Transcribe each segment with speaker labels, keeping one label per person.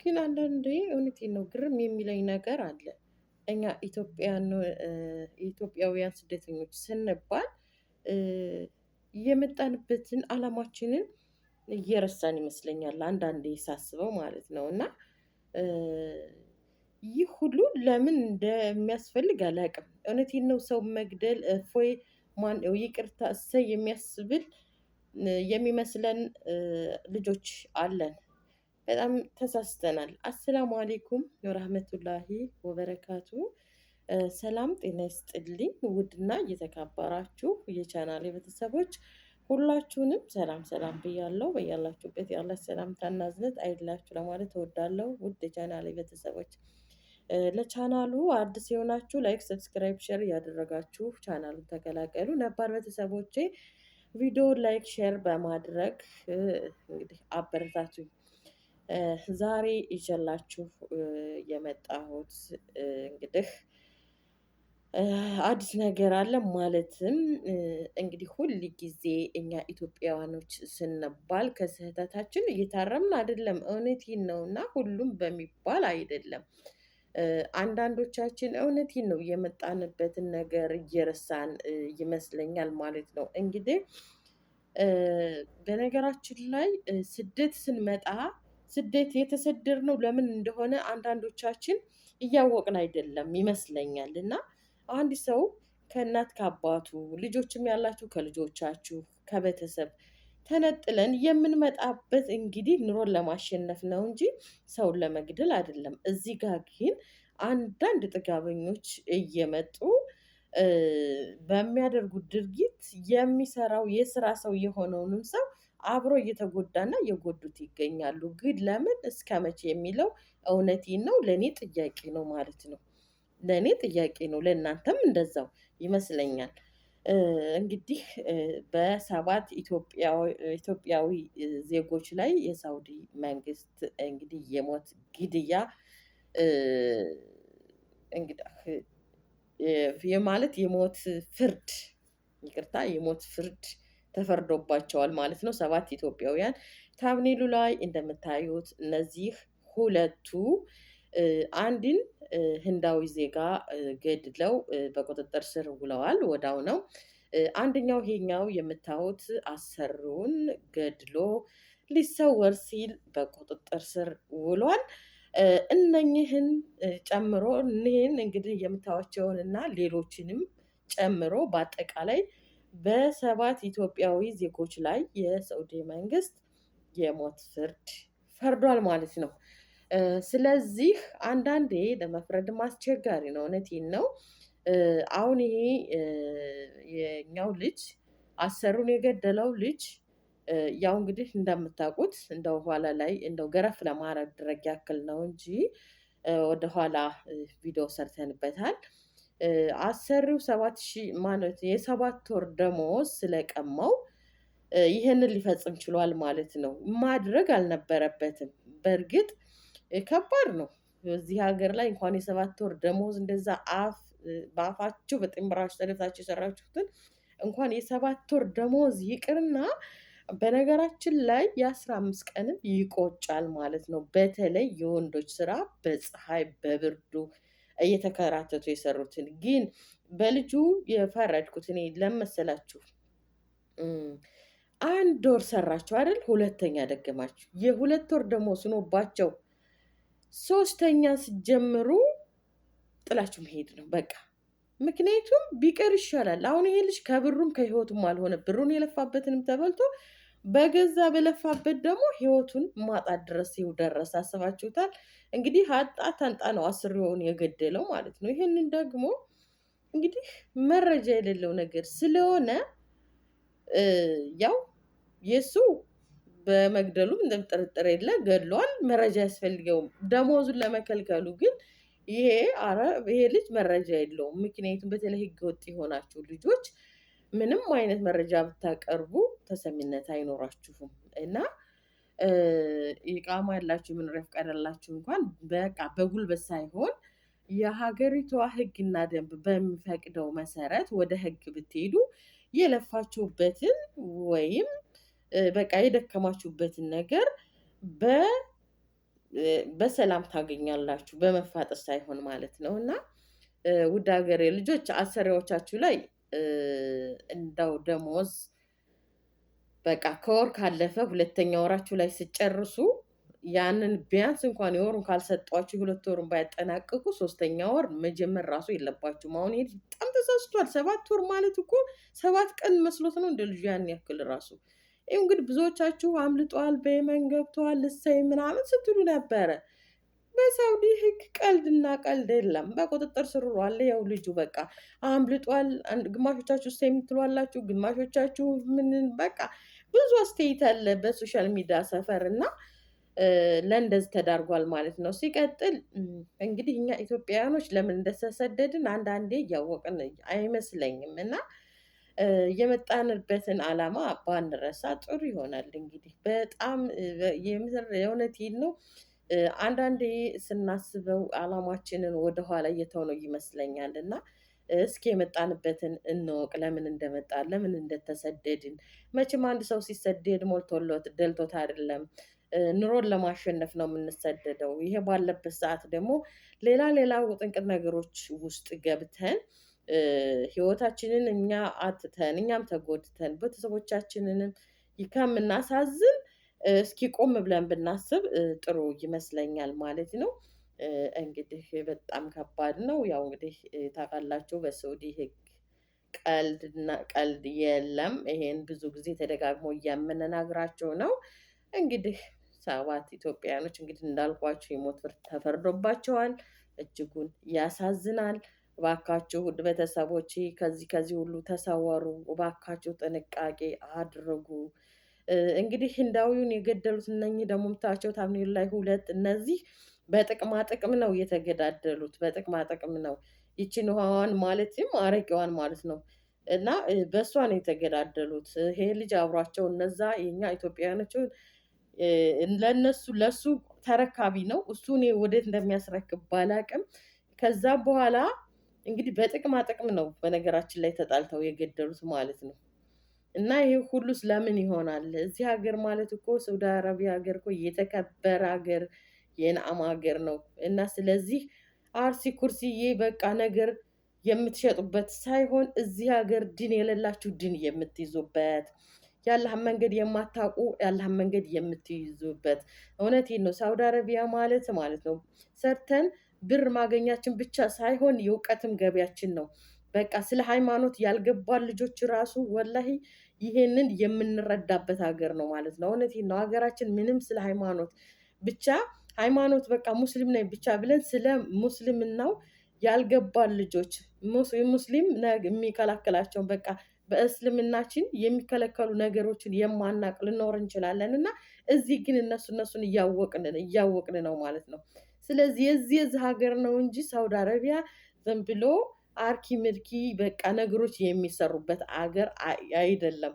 Speaker 1: ግን አንዳንዴ እውነቴን ነው ግርም የሚለኝ ነገር አለ። እኛ ኢትዮጵያውያን ስደተኞች ስንባል የመጣንበትን አላማችንን እየረሳን ይመስለኛል አንዳንዴ ሳስበው ማለት ነው እና ይህ ሁሉ ለምን እንደሚያስፈልግ አላውቅም። እውነቴን ነው ሰው መግደል እፎይ ማን ይቅርታ እሰይ የሚያስብል የሚመስለን ልጆች አለን። በጣም ተሳስተናል። አሰላሙ አሌይኩም ወራህመቱላሂ ወበረካቱ። ሰላም ጤና ይስጥልኝ። ውድና እየተካበራችሁ የቻናሌ ቤተሰቦች ሁላችሁንም ሰላም ሰላም ብያለሁ። በያላችሁበት ያለ ሰላምታና እዝነት አይላችሁ ለማለት እወዳለሁ። ውድ የቻናሌ ቤተሰቦች ለቻናሉ አዲስ የሆናችሁ ላይክ፣ ሰብስክራይብ፣ ሼር እያደረጋችሁ ቻናሉን ተቀላቀሉ። ነባር ቤተሰቦቼ ቪዲዮ ላይክ፣ ሼር በማድረግ እንግዲህ አበረታቱኝ። ዛሬ ይዤላችሁ የመጣሁት እንግዲህ አዲስ ነገር አለ። ማለትም እንግዲህ ሁል ጊዜ እኛ ኢትዮጵያውያኖች ስንባል ከስህተታችን እየታረምን አይደለም። እውነቴን ነው እና ሁሉም በሚባል አይደለም። አንዳንዶቻችን እውነቴን ነው የመጣንበትን ነገር እየረሳን ይመስለኛል ማለት ነው። እንግዲህ በነገራችን ላይ ስደት ስንመጣ ስደት ነው ለምን እንደሆነ አንዳንዶቻችን እያወቅን አይደለም ይመስለኛል። እና አንድ ሰው ከእናት ከአባቱ ልጆችም ያላችሁ ከልጆቻችሁ ከቤተሰብ ተነጥለን የምንመጣበት እንግዲህ ኑሮን ለማሸነፍ ነው እንጂ ሰውን ለመግደል አይደለም። እዚህ ጋር ግን አንዳንድ ጥጋበኞች እየመጡ በሚያደርጉት ድርጊት የሚሰራው የስራ ሰው የሆነውንም ሰው አብሮ እየተጎዳና እየጎዱት ይገኛሉ። ግን ለምን እስከ መቼ የሚለው እውነቴን ነው ለእኔ ጥያቄ ነው ማለት ነው። ለእኔ ጥያቄ ነው፣ ለእናንተም እንደዛው ይመስለኛል። እንግዲህ በሰባት ኢትዮጵያዊ ዜጎች ላይ የሳውዲ መንግስት እንግዲህ የሞት ግድያ እንግዲህ ማለት የሞት ፍርድ ይቅርታ የሞት ፍርድ ተፈርዶባቸዋል ማለት ነው። ሰባት ኢትዮጵያውያን ታብኔሉ ላይ እንደምታዩት እነዚህ ሁለቱ አንድን ህንዳዊ ዜጋ ገድለው በቁጥጥር ስር ውለዋል። ወዳው ነው አንደኛው ይሄኛው የምታዩት አሰሪውን ገድሎ ሊሰወር ሲል በቁጥጥር ስር ውሏል። እነኝህን ጨምሮ እኒህን እንግዲህ የምታዩቸውን እና ሌሎችንም ጨምሮ በአጠቃላይ በሰባት ኢትዮጵያዊ ዜጎች ላይ የሳውዲ መንግስት የሞት ፍርድ ፈርዷል ማለት ነው። ስለዚህ አንዳንዴ ለመፍረድ አስቸጋሪ ነው። እውነቴን ነው። አሁን ይሄ የኛው ልጅ አሰሩን የገደለው ልጅ ያው እንግዲህ እንደምታውቁት እንደው ኋላ ላይ እንደው ገረፍ ለማድረግ ያክል ነው እንጂ ወደኋላ ቪዲዮ ሰርተንበታል። አሰሪው ሰባት ሺህ ማለት የሰባት ወር ደሞዝ ስለቀማው ይህንን ሊፈጽም ችሏል ማለት ነው። ማድረግ አልነበረበትም። በእርግጥ ከባድ ነው። እዚህ ሀገር ላይ እንኳን የሰባት ወር ደሞዝ እንደዛ አፍ በአፋችሁ በጥምብራችሁ ተደፍታችሁ የሰራችሁትን እንኳን የሰባት ወር ደሞዝ ይቅርና በነገራችን ላይ የአስራ አምስት ቀንም ይቆጫል ማለት ነው። በተለይ የወንዶች ስራ በፀሐይ በብርዱ እየተከራተቱ የሰሩትን ግን በልጁ የፈረድኩት እኔ ለመሰላችሁ አንድ ወር ሰራችሁ አይደል? ሁለተኛ ደገማችሁ። የሁለት ወር ደግሞ ስኖባቸው ሶስተኛ ስጀምሩ ጥላችሁ መሄድ ነው በቃ። ምክንያቱም ቢቀር ይሻላል። አሁን ይሄ ልጅ ከብሩም ከህይወቱም አልሆነ። ብሩን የለፋበትንም ተበልቶ በገዛ በለፋበት ደግሞ ህይወቱን ማጣት ድረስ ይኸው አስባችሁታል እንግዲህ አጣ ተንጣ ነው አስሪውን የገደለው ማለት ነው። ይህንን ደግሞ እንግዲህ መረጃ የሌለው ነገር ስለሆነ ያው የእሱ በመግደሉም ምንም ጥርጥር የለ ገድሏል። መረጃ አያስፈልገውም። ደሞዙን ለመከልከሉ ግን ይሄ አረ ይሄ ልጅ መረጃ የለውም። ምክንያቱም በተለይ ህገወጥ የሆናችሁ ልጆች ምንም አይነት መረጃ ብታቀርቡ ተሰሚነት አይኖራችሁም እና ይቃማ ያላችሁ የመኖሪያ ፈቃድ ያላችሁ እንኳን በቃ በጉልበት ሳይሆን የሀገሪቷ ሕግና ደንብ በሚፈቅደው መሰረት ወደ ሕግ ብትሄዱ የለፋችሁበትን ወይም በቃ የደከማችሁበትን ነገር በሰላም ታገኛላችሁ፣ በመፋጠር ሳይሆን ማለት ነው እና ውድ ሀገሬ ልጆች አሰሪዎቻችሁ ላይ እንደው ደሞዝ በቃ ከወር ካለፈ ሁለተኛ ወራችሁ ላይ ስጨርሱ ያንን ቢያንስ እንኳን የወሩን ካልሰጧችሁ ሁለት ወሩን ባያጠናቅቁ ሶስተኛ ወር መጀመር ራሱ የለባችሁም። አሁን ይሄ በጣም ተሳስቷል። ሰባት ወር ማለት እኮ ሰባት ቀን መስሎት ነው እንደ ልጁ ያን ያክል ራሱ። ይኸው እንግዲህ ብዙዎቻችሁ አምልጧል፣ በየመን ገብተዋል፣ እሰይ ምናምን ስትሉ ነበረ። በሰ በሳውዲ ህግ ቀልድና ቀልድ የለም። በቁጥጥር ስር ውሏል። ያው ልጁ በቃ አምልጧል። ግማሾቻችሁ ስ የምትሏላችሁ፣ ግማሾቻችሁ ምንን በቃ ብዙ አስተያየት አለ በሶሻል ሚዲያ ሰፈር እና ለእንደዚህ ተዳርጓል ማለት ነው። ሲቀጥል እንግዲህ እኛ ኢትዮጵያውያኖች ለምን እንደተሰደድን አንዳንዴ እያወቅን አይመስለኝም እና የመጣንበትን ዓላማ ባንረሳ ጥሩ ይሆናል። እንግዲህ በጣም የምር የእውነት ነው። አንዳንዴ ስናስበው አላማችንን ወደኋላ እየተው ነው ይመስለኛል እና እስኪ የመጣንበትን እንወቅ። ለምን እንደመጣን፣ ለምን እንደተሰደድን። መቼም አንድ ሰው ሲሰደድ ሞልቶሎት ደልቶት አይደለም። ኑሮን ለማሸነፍ ነው የምንሰደደው። ይሄ ባለበት ሰዓት ደግሞ ሌላ ሌላ ውጥንቅጥ ነገሮች ውስጥ ገብተን ህይወታችንን እኛ አትተን እኛም ተጎድተን ቤተሰቦቻችንንም ከምናሳዝን እስኪ ቆም ብለን ብናስብ ጥሩ ይመስለኛል ማለት ነው። እንግዲህ በጣም ከባድ ነው። ያው እንግዲህ ታውቃላችሁ በሳዑዲ ቀልድና ቀልድ የለም። ይሄን ብዙ ጊዜ ተደጋግሞ እያምንነግራቸው ነው። እንግዲህ ሰባት ኢትዮጵያውያኖች እንግዲህ እንዳልኳቸው የሞት ፍርድ ተፈርዶባቸዋል። እጅጉን ያሳዝናል። እባካችሁ ውድ ቤተሰቦች ከዚህ ከዚህ ሁሉ ተሰወሩ። እባካችሁ ጥንቃቄ አድርጉ። እንግዲህ ህንዳዊውን የገደሉት እነኚህ ደግሞ የምታቸው ታምኔል ላይ ሁለት እነዚህ በጥቅማ ጥቅም ነው የተገዳደሉት። በጥቅማ ጥቅም ነው ይችን ውሃዋን ማለትም አረቂዋን ማለት ነው እና በእሷ ነው የተገዳደሉት። ይሄ ልጅ አብሯቸው እነዛ የኛ ኢትዮጵያውያኖችን ለነሱ ለሱ ተረካቢ ነው እሱ እኔ ወዴት እንደሚያስረክብ ባላቅም ከዛ በኋላ እንግዲህ በጥቅማ ጥቅም ነው በነገራችን ላይ ተጣልተው የገደሉት ማለት ነው። እና ይህ ሁሉስ ለምን ይሆናል? እዚህ ሀገር ማለት እኮ ሳውዲ አረቢያ ሀገር እኮ የተከበረ ሀገር የነአም ሀገር ነው። እና ስለዚህ አርሲ ኩርሲዬ በቃ ነገር የምትሸጡበት ሳይሆን እዚህ ሀገር ድን የሌላችሁ ድን የምትይዙበት የአላህን መንገድ የማታውቁ የአላህን መንገድ የምትይዙበት። እውነቴን ነው። ሳውዲ አረቢያ ማለት ማለት ነው ሰርተን ብር ማገኛችን ብቻ ሳይሆን የእውቀትም ገበያችን ነው። በቃ ስለ ሃይማኖት ያልገባን ልጆች ራሱ ወላሂ ይሄንን የምንረዳበት ሀገር ነው ማለት ነው። እውነት ነው። ሀገራችን ምንም ስለ ሃይማኖት ብቻ ሃይማኖት በቃ ሙስሊም ነኝ ብቻ ብለን ስለ ሙስሊምናው ያልገባን ልጆች ሙስሊም የሚከላከላቸውን በቃ በእስልምናችን የሚከለከሉ ነገሮችን የማናቅ ልኖር እንችላለን እና እዚህ ግን እነሱ እነሱን እያወቅን ነው ማለት ነው። ስለዚህ የዚህ የዚህ ሀገር ነው እንጂ ሳውዲ አረቢያ ዘንብሎ ብሎ አርኪ ምልኪ በቃ ነገሮች የሚሰሩበት አገር አይደለም።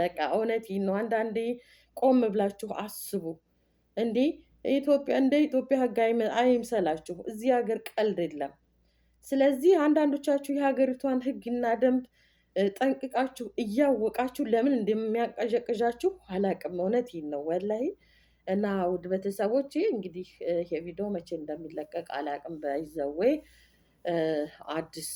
Speaker 1: በቃ እውነት ነው። አንዳንዴ ቆም ብላችሁ አስቡ እንዴ ኢትዮጵያ እንደ ኢትዮጵያ ህግ አይምሰላችሁ። እዚህ ሀገር ቀልድ የለም። ስለዚህ አንዳንዶቻችሁ የሀገሪቷን ህግና ደንብ ጠንቅቃችሁ እያወቃችሁ ለምን እንደሚያቀዠቅዣችሁ አላቅም። እውነት ነው ወላይ እና ውድ ቤተሰቦች እንግዲህ ይሄ ቪዲዮ መቼ እንደሚለቀቅ አላቅም። በይዘዌ አዲስ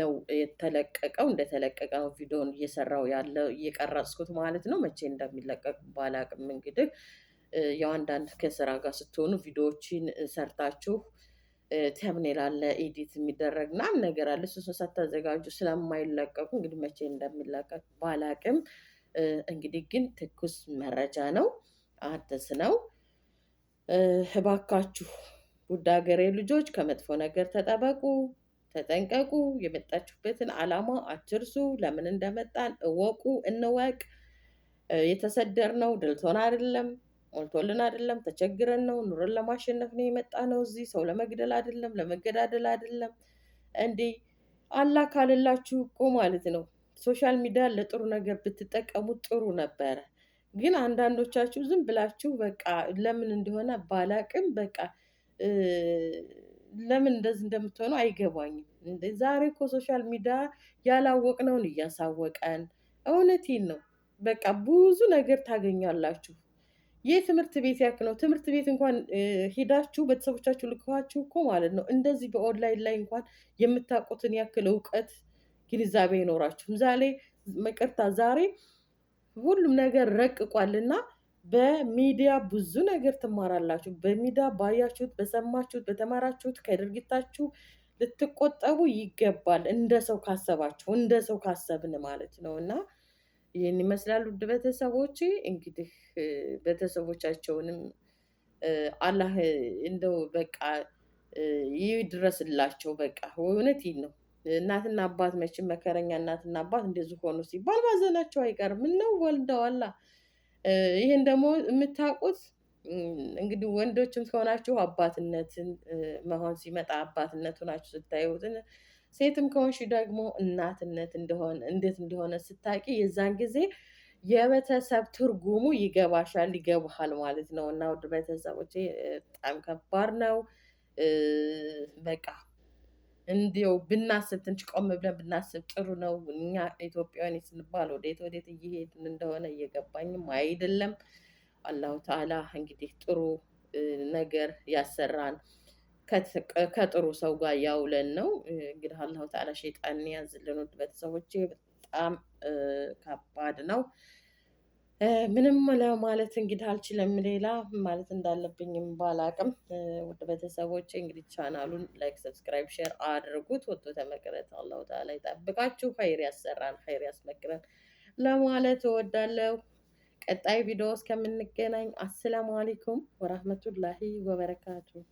Speaker 1: ነው የተለቀቀው። እንደተለቀቀ ነው ቪዲዮን እየሰራው ያለው እየቀረጽኩት ማለት ነው። መቼ እንደሚለቀቅ ባላቅም እንግዲህ ያው አንዳንድ ከስራ ጋር ስትሆኑ ቪዲዮዎችን ሰርታችሁ ተምኔል አለ ኤዲት የሚደረግ ምናምን ነገር አለ። እሱን ሳታዘጋጁ ስለማይለቀቁ እንግዲህ መቼ እንደሚለቀቅ ባላቅም እንግዲህ ግን ትኩስ መረጃ ነው፣ አዲስ ነው። እባካችሁ ውድ ሀገሬ ልጆች ከመጥፎ ነገር ተጠበቁ፣ ተጠንቀቁ። የመጣችሁበትን ዓላማ አትርሱ። ለምን እንደመጣን እወቁ፣ እንወቅ። ነው ድልቶን አይደለም፣ ሞልቶልን አይደለም፣ ተቸግረን ነው። ኑሮን ለማሸነፍ ነው የመጣ ነው እዚህ ሰው ለመግደል አይደለም፣ ለመገዳደል አይደለም። እንዴ አላህ ካለላችሁ እኮ ማለት ነው ሶሻል ሚዲያ ለጥሩ ነገር ብትጠቀሙት ጥሩ ነበረ። ግን አንዳንዶቻችሁ ዝም ብላችሁ በቃ ለምን እንደሆነ ባላቅም በቃ ለምን እንደዚህ እንደምትሆኑ አይገባኝም። ዛሬ እኮ ሶሻል ሚዲያ ያላወቅነውን እያሳወቀን፣ እውነቴን ነው። በቃ ብዙ ነገር ታገኛላችሁ። ይህ ትምህርት ቤት ያክ ነው። ትምህርት ቤት እንኳን ሄዳችሁ ቤተሰቦቻችሁ ልከዋችሁ እኮ ማለት ነው እንደዚህ በኦንላይን ላይ እንኳን የምታውቁትን ያክል እውቀት ግንዛቤ አይኖራችሁም። ዛሬ መቅርታ ዛሬ ሁሉም ነገር ረቅቋልና በሚዲያ ብዙ ነገር ትማራላችሁ። በሚዲያ ባያችሁት፣ በሰማችሁት፣ በተማራችሁት ከድርጊታችሁ ልትቆጠቡ ይገባል። እንደ ሰው ካሰባችሁ እንደ ሰው ካሰብን ማለት ነው። እና ይህን ይመስላሉ ውድ ቤተሰቦች። እንግዲህ ቤተሰቦቻቸውንም አላህ እንደው በቃ ይድረስላቸው። በቃ እውነት ይህ ነው። እናትና አባት መቼም መከረኛ እናትና አባት እንደዚህ ሆኑ ሲባል ማዘናቸው አይቀርም። ምነው ወልደዋላ ይህን ደግሞ የምታውቁት እንግዲህ ወንዶችም ከሆናችሁ አባትነትን መሆን ሲመጣ አባትነት ሆናችሁ ስታዩትን፣ ሴትም ከሆንሽ ደግሞ እናትነት እንደሆነ እንዴት እንደሆነ ስታቂ የዛን ጊዜ የቤተሰብ ትርጉሙ ይገባሻል ይገባሃል ማለት ነው። እና ውድ ቤተሰቦቼ በጣም ከባድ ነው። በቃ እንዲው ብናስብ ትንሽ ቆም ብለን ብናስብ ጥሩ ነው። እኛ ኢትዮጵያውያን ስንባል ወዴት ወዴት እየሄድን እንደሆነ እየገባኝም አይደለም። አላሁ ተዓላ እንግዲህ ጥሩ ነገር ያሰራን ከጥሩ ሰው ጋር ያውለን ነው እንግዲህ አላሁ ተዓላ ሸይጣን ያዝልን። ቤተሰቦች በጣም ከባድ ነው። ምንም ለማለት እንግዲህ አልችልም። ሌላ ማለት እንዳለብኝም ባላቅም ውድ ቤተሰቦች እንግዲህ ቻናሉን ላይክ፣ ሰብስክራይብ፣ ሼር አድርጉት። ወቶ ተመቅረት አላሁ ተዓላ ይጠብቃችሁ፣ ኸይር ያሰራን፣ ኸይር ያስመክረን ለማለት እወዳለሁ። ቀጣይ ቪዲዮ እስከምንገናኝ አሰላሙ አሌይኩም ወራህመቱላሂ ወበረካቱሁ።